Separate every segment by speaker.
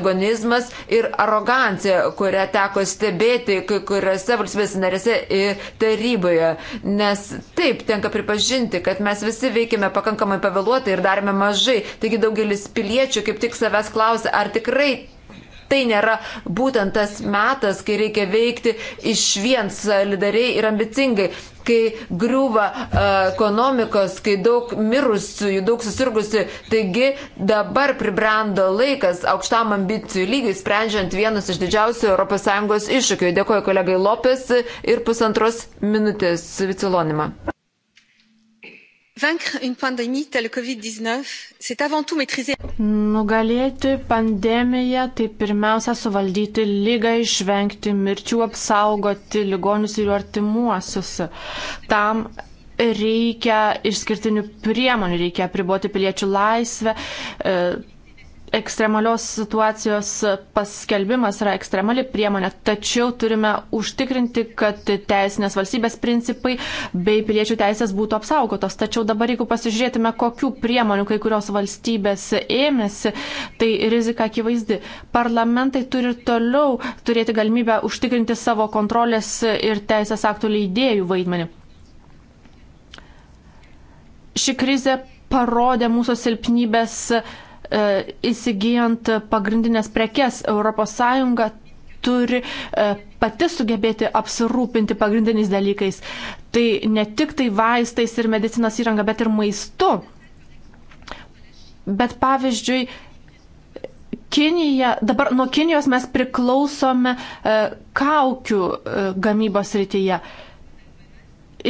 Speaker 1: antagonizmas ir arogancija, kurią teko stebėti kai kuriuose valstybės narėse ir taryboje. Nes taip, tenka pripažinti, kad mes visi veikime pakankamai pavėluotai ir darėme mažai. Taigi daugelis piliečių kaip tik savęs klausia, ar tikrai tai nėra būtent tas metas, kai reikia veikti iš vien solidariai ir ambicingai, kai griūva uh, ekonomikos, kai daug mirusiųjų, daug susirgusių. Taigi dabar pribrendo laikas aukštam ambicijų lygiui, sprendžiant vienus iš didžiausių ES iššūkių. Dėkuoju kolegai Lopes ir pusantros minutės vicelonimą.
Speaker 2: Nugalėti pandemiją, tai pirmiausia suvaldyti lygą, išvengti mirčių, apsaugoti ligonius ir jų artimuosius. Tam reikia išskirtinių priemonių, reikia priboti piliečių laisvę. E, ekstremalios situacijos paskelbimas yra ekstremali priemonė, tačiau turime užtikrinti, kad teisinės valstybės principai bei piliečių teisės būtų apsaugotos. Tačiau dabar, jeigu pasižiūrėtume, kokių priemonių kai kurios valstybės ėmėsi, tai rizika akivaizdi. Parlamentai turi ir toliau turėti galimybę užtikrinti savo kontrolės ir teisės aktų leidėjų vaidmenį. Ši krizė parodė mūsų silpnybės E, įsigijant pagrindinės prekes ES turi e, pati sugebėti apsirūpinti pagrindiniais dalykais. Tai ne tik tai vaistais ir medicinos įranga, bet ir maistu. Bet pavyzdžiui, Kinija, dabar nuo Kinijos mes priklausome e, kaukių e, gamybos rytyje.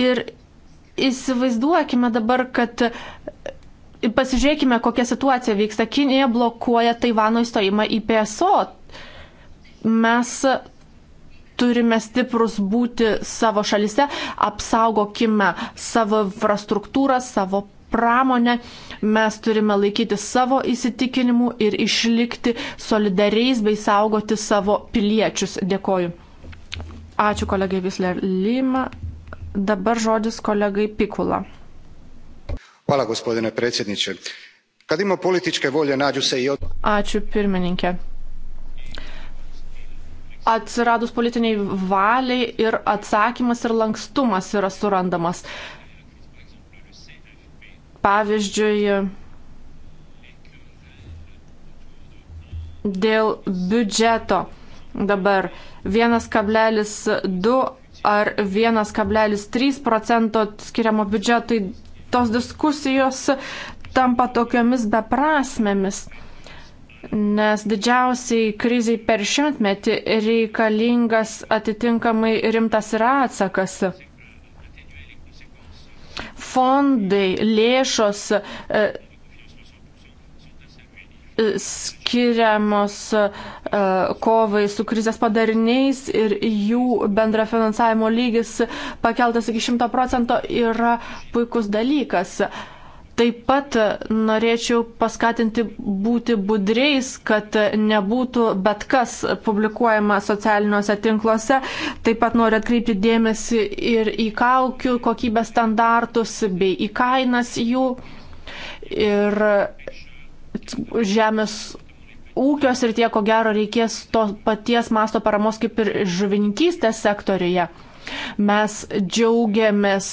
Speaker 2: Ir įsivaizduokime dabar, kad Pasižiūrėkime, kokia situacija vyksta. Kinija blokuoja Taivano įstojimą į PSO. Mes turime stiprus būti savo šalise, apsaugokime savo infrastruktūrą, savo pramonę, mes turime laikyti savo įsitikinimų ir išlikti solidariais bei saugoti savo piliečius. Dėkoju. Ačiū kolegai Visler Lima. Dabar žodis kolegai Pikula gospodine predsjedniče kad ima političke volje nađu se i ačiū pirmininke atsiradus politiniai valiai ir atsakymas ir lankstumas yra surandamas. Pavyzdžiui, dėl biudžeto dabar 1,2 ar 1,3 procento skiriamo biudžetui tos diskusijos tampa tokiomis beprasmėmis. Nes didžiausiai kriziai per šimtmetį reikalingas atitinkamai rimtas yra atsakas. Fondai, lėšos e, skiriamos e, kovai su krizės padariniais ir jų bendra finansavimo lygis pakeltas iki 100 procento yra puikus dalykas. Taip pat norėčiau paskatinti būti budreis, kad nebūtų bet kas publikuojama socialiniuose tinkluose. Taip pat noriu atkreipti dėmesį ir į kaukių kokybės standartus bei į kainas jų. Ir žemės ūkio srityje ko gero reikės to paties masto paramos kaip ir žuvininkystės sektoriuje. Mes džiaugiamės,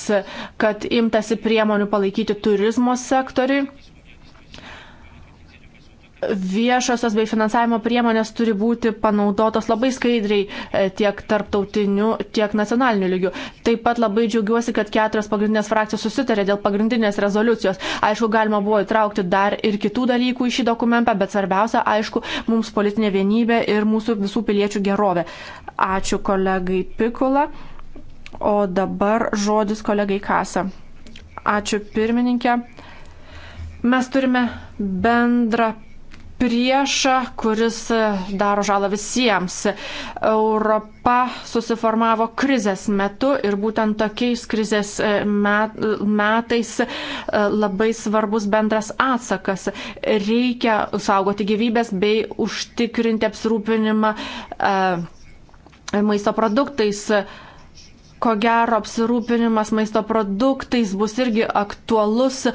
Speaker 2: kad imtasi priemonių palaikyti turizmo sektoriui viešosios bei finansavimo priemonės turi būti panaudotos labai skaidriai e, tiek tarptautiniu, tiek nacionaliniu lygiu. Taip pat labai džiaugiuosi, kad keturios pagrindinės frakcijos susitarė dėl pagrindinės rezoliucijos. Aišku, galima buvo įtraukti dar ir kitų dalykų į šį dokumentą, bet svarbiausia, aišku, mums politinė vienybė ir mūsų visų piliečių gerovė. Ačiū kolegai Pikula. O dabar žodis kolegai Kasa. Ačiū pirmininkė. Mes turime bendrą priešą, kuris e, daro žalą visiems. Europa susiformavo krizės metu ir būtent tokiais krizės e, metais e, labai svarbus bendras atsakas. Reikia saugoti gyvybės bei užtikrinti apsirūpinimą maisto produktais ko gero apsirūpinimas maisto produktais bus irgi aktualus, e,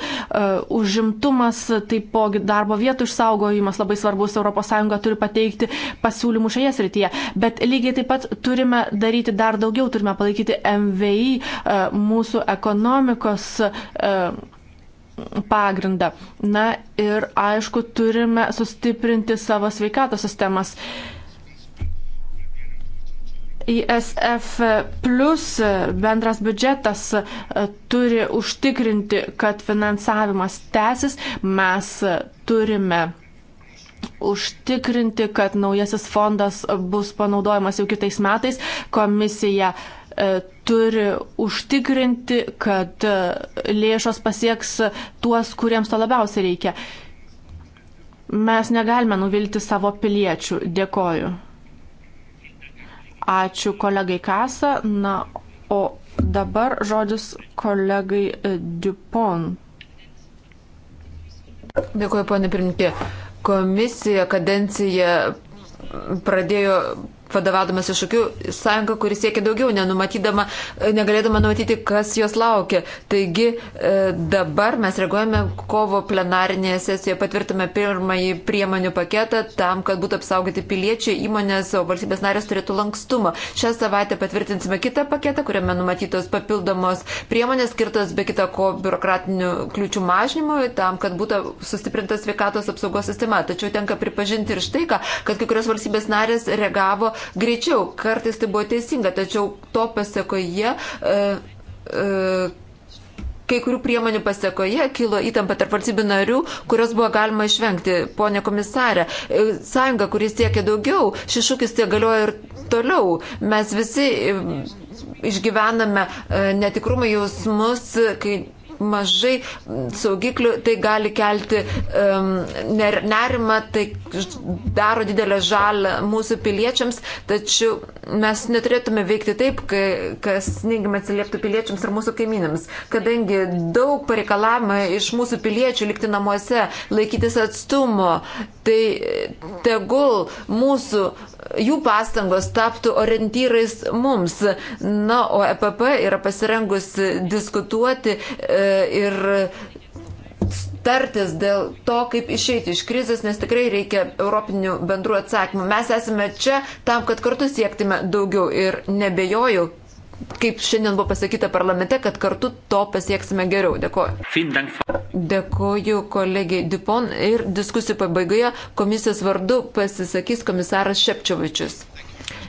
Speaker 2: užimtumas, taipogi darbo vietų išsaugojimas labai svarbus, ES turi pateikti pasiūlymų šioje srityje. Bet lygiai taip pat turime daryti dar daugiau, turime palaikyti MVI e, mūsų ekonomikos e, pagrindą. Na ir aišku, turime sustiprinti savo sveikatos sistemas. Uh, ISF plus bendras biudžetas e, turi užtikrinti, kad finansavimas tęsis. Mes turime užtikrinti, kad naujasis fondas bus panaudojamas jau kitais metais. Komisija e, turi užtikrinti, kad e, lėšos pasieks tuos, kuriems to labiausiai reikia. Mes negalime nuvilti savo piliečių. Dėkoju. Ačiū kolegai Kasa. Na, o dabar žodis kolegai e, Dupont. Dėkuoju, ponė pirmininkė. Komisija kadenciją
Speaker 1: pradėjo vadovaudamas iššūkiu sąjunga, kuris siekia daugiau, nenumatydama, negalėdama numatyti, kas jos laukia. Taigi e, dabar mes reaguojame kovo plenarinėje sesijoje, patvirtume pirmąjį priemonių paketą tam, kad būtų apsaugoti piliečiai, įmonės, o valstybės narės turėtų lankstumą. Šią savaitę patvirtinsime kitą paketą, kuriame numatytos papildomos priemonės skirtos be kita ko biurokratinių kliūčių mažinimui, tam, kad būtų sustiprinta sveikatos apsaugos sistema. Tačiau tenka pripažinti ir štai ką, kad kai kurios valstybės narės reagavo greičiau. Kartais tai buvo teisinga, tačiau to pasiekoje. E, e, Kai kurių priemonių pasiekoje kilo įtampa tarp valstybių narių, kurios buvo galima išvengti. Pone komisarė, e, sąjunga, kuris siekia daugiau, šis šūkis tie galioja ir toliau. Mes visi e, išgyvename e, netikrumo jausmus, kai mažai saugiklių, tai gali kelti um, nerimą, tai daro didelę žalą mūsų piliečiams, tačiau mes neturėtume veikti taip, kai, kas neigiamai atsilieptų piliečiams ir mūsų kaimynams, kadangi daug pareikalavimų iš mūsų piliečių likti namuose, laikytis atstumo, tai tegul mūsų jų pastangos taptų orientyrais mums. Na, o EPP yra pasirengusi diskutuoti e, ir tartis dėl to, kaip išeiti iš krizės, nes tikrai reikia europinių bendrų atsakymų. Mes esame čia tam, kad kartu siektume daugiau ir nebejoju, kaip šiandien buvo pasakyta parlamente, kad kartu to pasieksime geriau. Dėkuoju. Dėkuoju kolegiai Dupon ir diskusijų pabaigoje komisijos vardu pasisakys komisaras Šepčiovičius.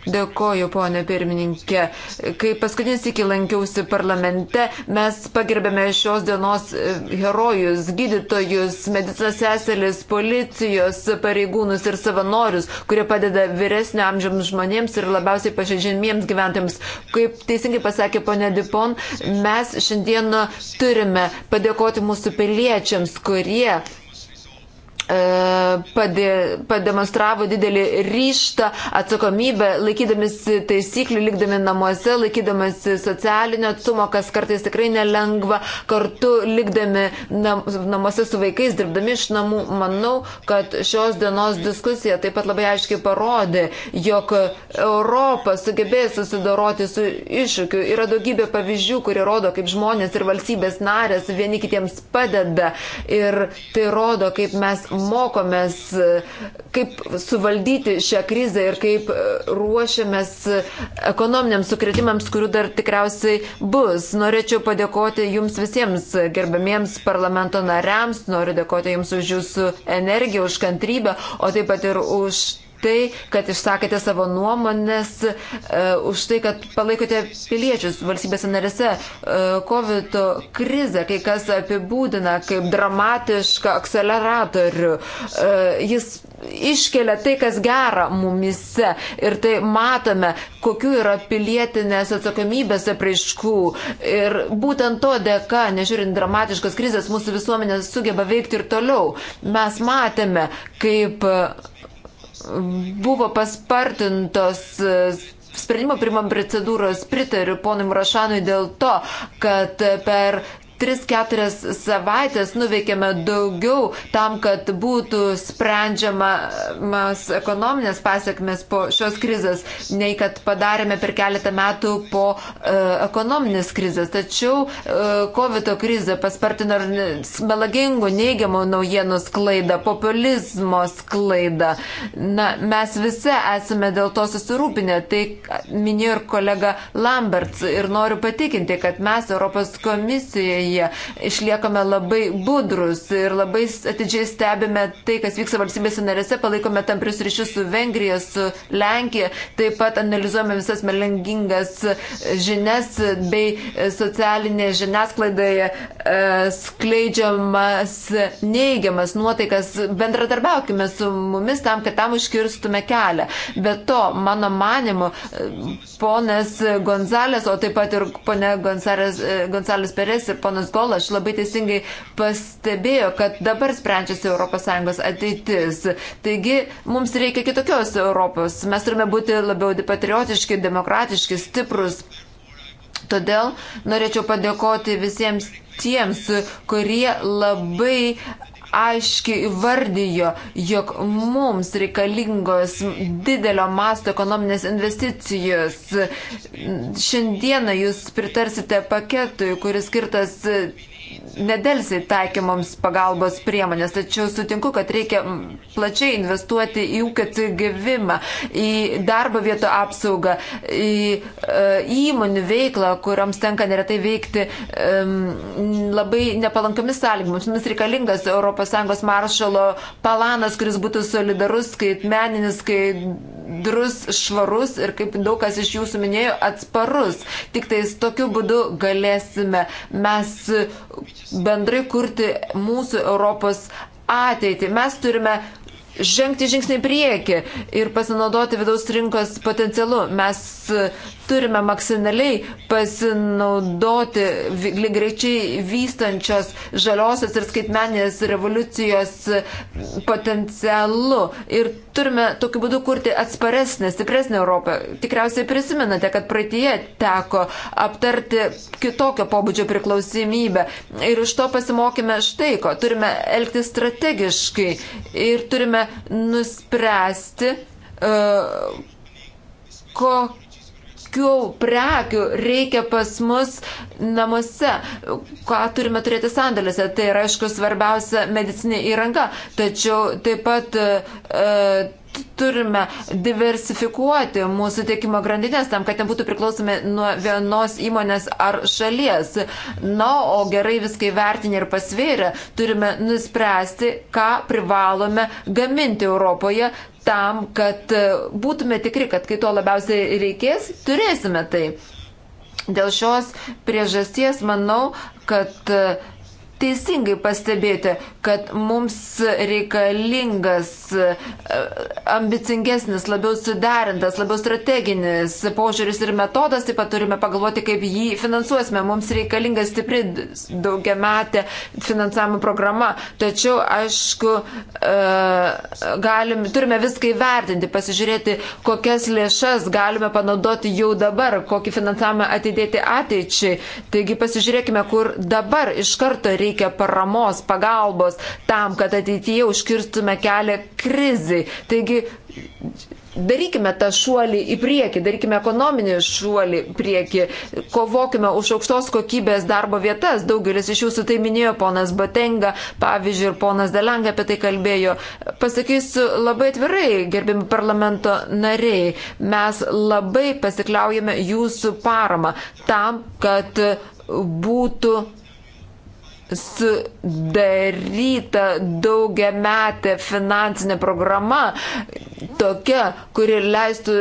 Speaker 1: Dėkoju, ponė pirmininkė. Kai paskutinis iki lankiausi parlamente, mes pagerbėme šios dienos e, herojus, gydytojus, medicinos seselis, policijos pareigūnus ir savanorius, kurie padeda vyresnio amžiaus žmonėms ir labiausiai pažeidžiamiems gyventojams. Kaip teisingai pasakė ponė Dipon, mes šiandien turime padėkoti mūsų piliečiams, kurie E, padė, pademonstravo didelį ryštą, atsakomybę, laikydamasi taisyklių, likdami namuose, laikydamasi socialinio atsumo, kas kartais tikrai nelengva, kartu likdami nam, namuose su vaikais, dirbdami iš namų. Manau, kad šios dienos diskusija taip pat labai aiškiai parodė, jog Europa sugebėjo susidoroti su iššūkiu. Yra daugybė pavyzdžių, kurie rodo, kaip žmonės ir valstybės narės vieni kitiems padeda. Ir tai rodo, kaip mes mokomės, e, kaip suvaldyti šią krizę ir kaip e, ruošiamės ekonominiams sukretimams, kurių dar tikriausiai bus. Norėčiau padėkoti Jums visiems gerbamiems parlamento nariams, noriu dėkoti Jums už Jūsų energiją, už kantrybę, o taip pat ir už tai, kad išsakėte savo nuomonės, e, už tai, kad palaikote piliečius valstybėse narėse. E, COVID krizę kai kas apibūdina kaip dramatišką akceleratorių. E, jis iškelia tai, kas gera mumise ir tai matome, kokiu yra pilietinės atsakomybės apraiškų. Ir būtent to dėka, nežiūrint dramatiškas krizės, mūsų visuomenė sugeba veikti ir toliau. Mes matėme, kaip uh, buvo paspartintos sprendimo primam procedūros pritariu ponui Mrašanui dėl to, kad per 3-4 savaitės nuveikėme daugiau tam, kad būtų sprendžiamas ekonominės pasiekmes po šios krizės, nei kad padarėme per keletą metų po e, ekonominės krizės. Tačiau e, COVID krizė paspartino melagingų neigiamų naujienų sklaidą, populizmo sklaidą. Na, mes visi esame dėl to susirūpinę. Tai minėjo ir kolega Lamberts. Ir noriu patikinti, kad mes Europos komisijoje srityje. Išliekame labai budrus ir labai atidžiai stebime tai, kas vyksta valstybėse narėse, palaikome tamprius ryšius su Vengrija, su Lenkija, taip pat analizuojame visas melengingas žinias bei socialinė žiniasklaidoje skleidžiamas neigiamas nuotaikas. Bendradarbiaukime su mumis tam, kad tam užkirstume kelią. Be to, mano manimu, e, ponas Gonzalės, o taip pat ir ponė Gonzalės, e, Gonzalės Perės ir ponas ponas Golaš labai teisingai pastebėjo, kad dabar sprendžiasi ES ateitis. Taigi mums reikia kitokios Europos. Mes turime būti labiau patriotiški, demokratiški, stiprus. Todėl norėčiau padėkoti visiems tiems, kurie labai aiškiai įvardijo, jog mums reikalingos didelio masto ekonominės investicijos. Šiandieną jūs pritarsite paketui, kuris skirtas nedelsiai taikymoms pagalbos priemonės, tačiau sutinku, kad reikia plačiai investuoti į ūkio atsigavimą, į darbo vietų apsaugą, į e, įmonių veiklą, kuriams tenka neretai veikti labai nepalankomis sąlygomis. Mums reikalingas ES maršalo planas, kuris būtų solidarus, skaitmeninis, skaitmeninis judrus, švarus ir, kaip daug kas iš jūsų minėjo, atsparus. Tik tais tokiu būdu galėsime mes bendrai kurti mūsų Europos ateitį. Mes turime žengti žingsnį priekį ir pasinaudoti vidaus rinkos potencialu. Mes turime maksimaliai pasinaudoti lygrečiai vystančios žaliosios ir skaitmenės revoliucijos potencialu. Ir turime tokiu būdu kurti atsparesnę, stipresnę Europą. Tikriausiai prisimenate, kad praeitie teko aptarti kitokio pobūdžio priklausomybę. Ir iš to pasimokime štai ko. Turime elgti strategiškai ir turime nuspręsti, uh, ko kokių prekių reikia pas mus namuose, ką turime turėti sandėliuose. Tai yra, aišku, svarbiausia medicinė įranga, tačiau taip pat e, turime diversifikuoti mūsų tiekimo grandinės tam, kad nebūtų priklausomi nuo vienos įmonės ar šalies. Na, o gerai viską įvertinę ir pasvėrę, turime nuspręsti, ką privalome gaminti Europoje tam, kad e, būtume tikri, kad kai to labiausiai reikės, turėsime tai. Dėl šios priežasties manau, kad e, teisingai pastebėti, kad mums reikalingas e, ambicingesnis, labiau suderintas, labiau strateginis požiūris ir metodas, taip pat turime pagalvoti, kaip jį finansuosime. Mums reikalinga stipri daugiametė finansavimo programa, tačiau, aišku, e, galim, turime viską įvertinti, pasižiūrėti, kokias lėšas galime panaudoti jau dabar, kokį finansavimą atidėti ateičiai. Taigi pasižiūrėkime, kur dabar iš karto reikia paramos, pagalbos sąlygos tam, kad ateityje užkirstume kelią krizai. Taigi, Darykime tą šuolį į priekį, darykime ekonominį šuolį į priekį, kovokime už aukštos kokybės darbo vietas. Daugelis iš jūsų tai minėjo, ponas Batenga, pavyzdžiui, ir ponas Delanga apie tai kalbėjo. Pasakysiu labai atvirai, gerbimi parlamento nariai, mes labai pasikliaujame jūsų paramą tam, kad būtų sudaryta daugiametė finansinė programa, tokia, kuri leistų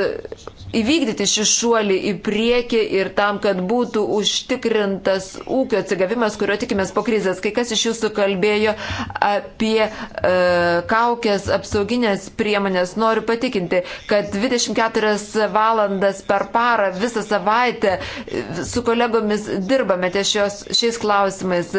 Speaker 1: įvykdyti šį šuolį į priekį ir tam, kad būtų užtikrintas ūkio atsigavimas, kurio tikimės po krizės. Kai kas iš jūsų kalbėjo apie e, kaukės apsauginės priemonės, noriu patikinti, kad 24 valandas per parą visą savaitę su kolegomis dirbame ties šios, šiais klausimais.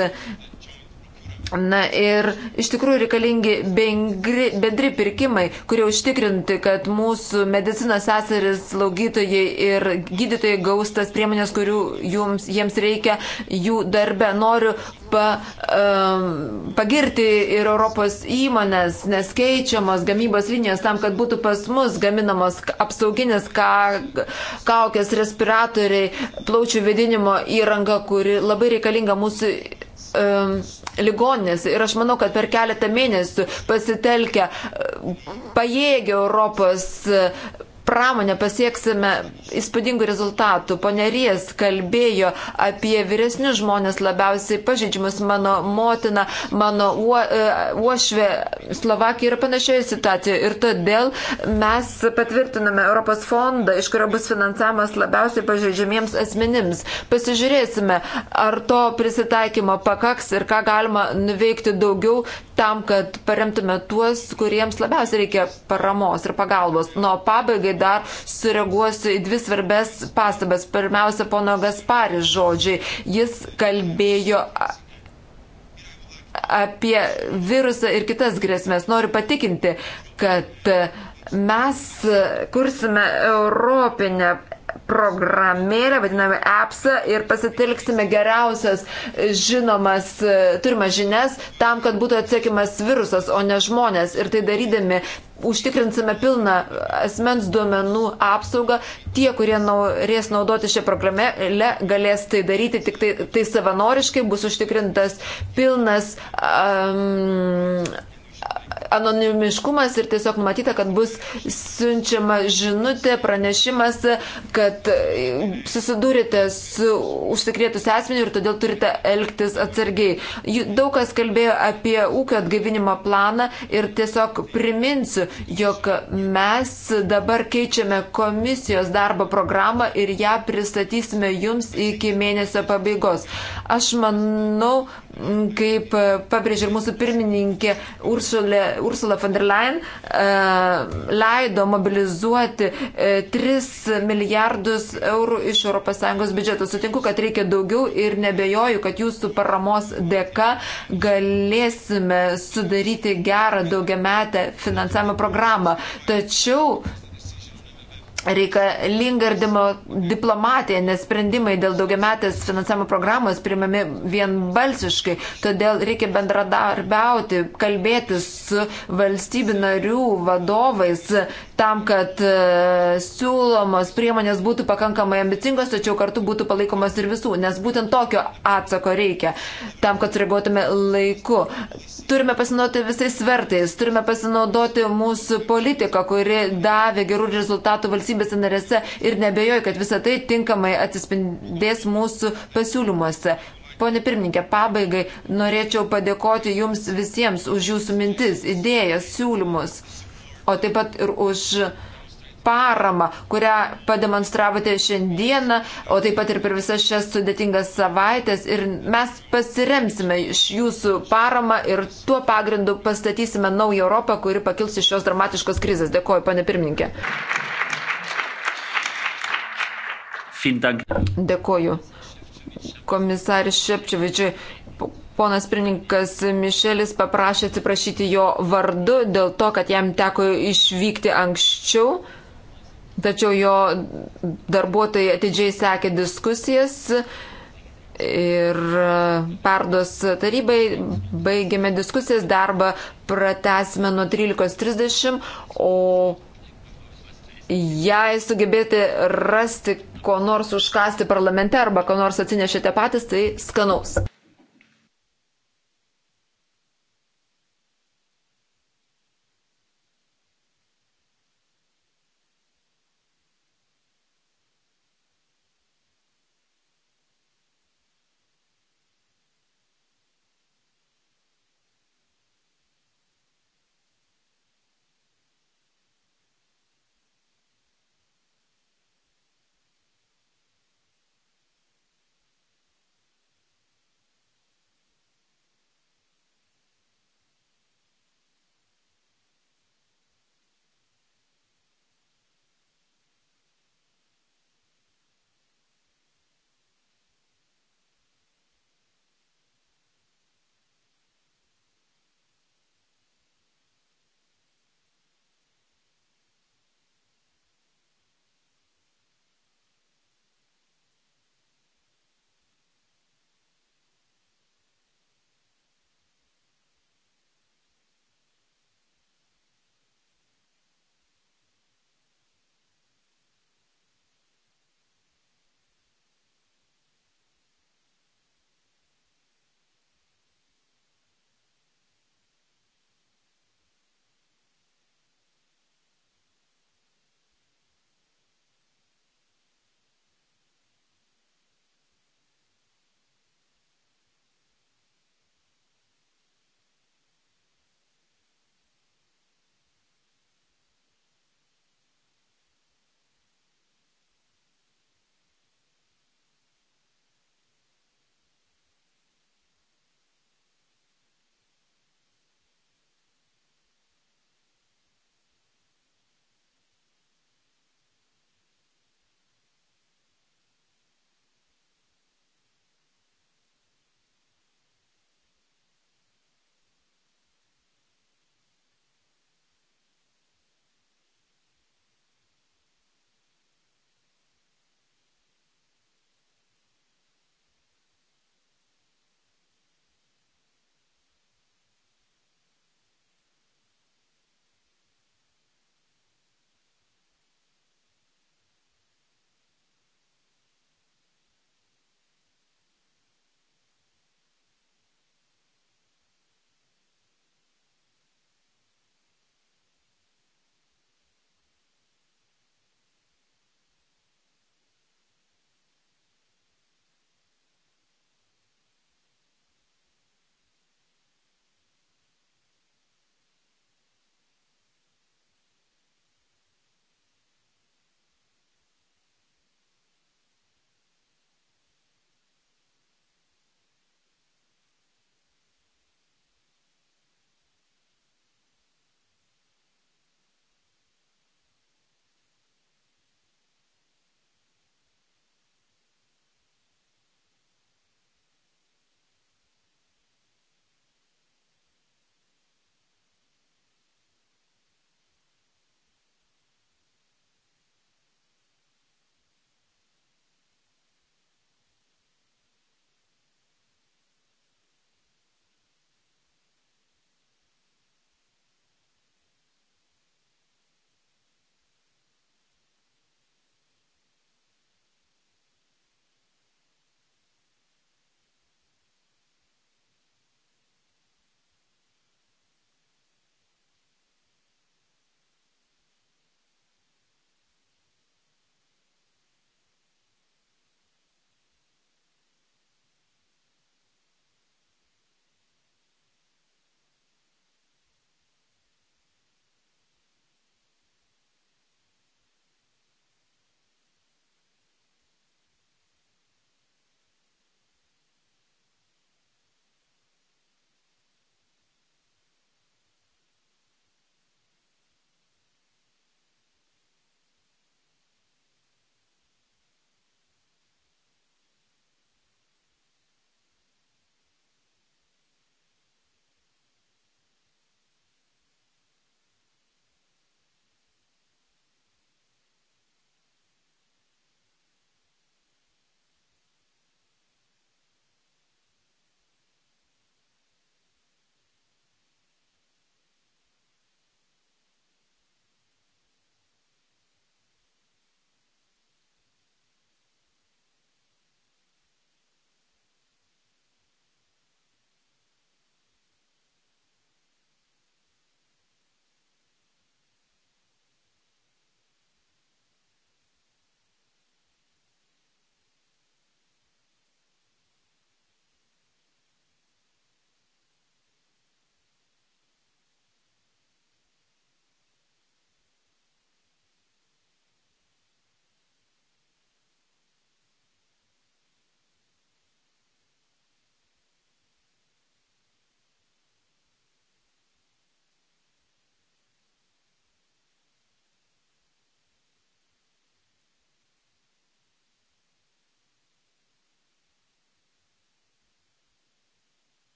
Speaker 1: Na ir iš tikrųjų reikalingi bengri, bendri pirkimai, kurie užtikrinti, kad mūsų medicinos seseris, laugytojai ir gydytojai gaus tas priemonės, kurių jums, jiems reikia jų darbe. Noriu pa, um, pagirti ir Europos įmonės, nes keičiamos gamybos linijos tam, kad būtų pas mus gaminamos apsauginės ka, kaukės, respiratoriai, plaučių vedinimo įranga, kuri labai reikalinga mūsų um, ligoninės. Ir aš manau, kad per keletą mėnesių pasitelkę pajėgę Europos pramonę pasieksime įspūdingų rezultatų. Pone Rijas kalbėjo apie vyresnius žmonės labiausiai pažydžiamus. Mano motina, mano uo, e, uošvė Slovakija yra panašioje situacijoje. Ir todėl mes patvirtiname Europos fondą, iš kurio bus finansavimas labiausiai pažydžiamiems asmenims. Pasižiūrėsime, ar to prisitaikymo pakaks ir ką galima nuveikti daugiau tam, kad paremtume tuos, kuriems labiausiai reikia paramos ir pagalbos. Nuo pabaigai dar sureaguosiu į dvi svarbes pastabas. Pirmiausia, pono Gasparis žodžiai. Jis kalbėjo apie virusą ir kitas grėsmės. Noriu patikinti, kad mes kursime Europinę programėlę, vadiname appsą ir pasitelksime geriausias žinomas, turimas žinias tam, kad būtų atsiekimas virusas, o ne žmonės. Ir tai darydami užtikrinsime pilną asmens duomenų apsaugą. Tie, kurie norės naudoti šią programėlę, galės tai daryti, tik tai, tai savanoriškai bus užtikrintas pilnas um, anonimiškumas ir tiesiog numatyta, kad bus siunčiama žinutė, pranešimas, kad e, susidūrėte su užsikrėtusiu asmeniu ir todėl turite elgtis atsargiai. Daug kas kalbėjo apie ūkio atgaivinimo planą ir tiesiog priminsiu, jog mes dabar keičiame komisijos darbo programą ir ją pristatysime jums iki mėnesio pabaigos. Aš manau, kaip pabrėžė ir mūsų pirmininkė Uršulė Ursula von der Leyen e, leido mobilizuoti 3 e, milijardus eurų iš ES biudžeto. Sutinku, kad reikia daugiau ir nebejoju, kad jūsų paramos dėka galėsime sudaryti gerą daugiametę finansavimo programą. Tačiau reikalinga ir diplomatija, nes sprendimai dėl daugiametės finansavimo programos primami vienbalsiškai. Todėl reikia bendradarbiauti, kalbėti su valstybių narių vadovais, tam, kad e, siūlomos priemonės būtų pakankamai ambicingos, tačiau kartu būtų palaikomas ir visų, nes būtent tokio atsako reikia, tam, kad sureaguotume laiku. Turime pasinaudoti visais svertais, turime pasinaudoti mūsų politiką, kuri davė gerų rezultatų valstybėse narėse ir nebejoju, kad visa tai tinkamai atsispindės mūsų pasiūlymuose. Pone pirmininkė, pabaigai norėčiau padėkoti Jums visiems už Jūsų mintis, idėjas, siūlymus o taip pat ir už paramą, kurią pademonstravote šiandieną, o taip pat ir per visas šias sudėtingas savaitės. Ir mes pasiremsime iš jūsų paramą ir tuo pagrindu pastatysime naują Europą, kuri pakils iš šios dramatiškos krizės. Dėkuoju, pane pirmininkė. Dėkuoju komisarį Šepčiovičiui. Ponas pirmininkas Mišelis paprašė atsiprašyti jo vardu dėl to, kad jam teko išvykti anksčiau, tačiau jo darbuotojai atidžiai sekė diskusijas ir perdos tarybai baigėme diskusijas, darbą pratesime nuo 13.30, o jei sugebėti rasti ko nors užkasti parlamente arba ko nors atsinešėte patys, tai skanaus.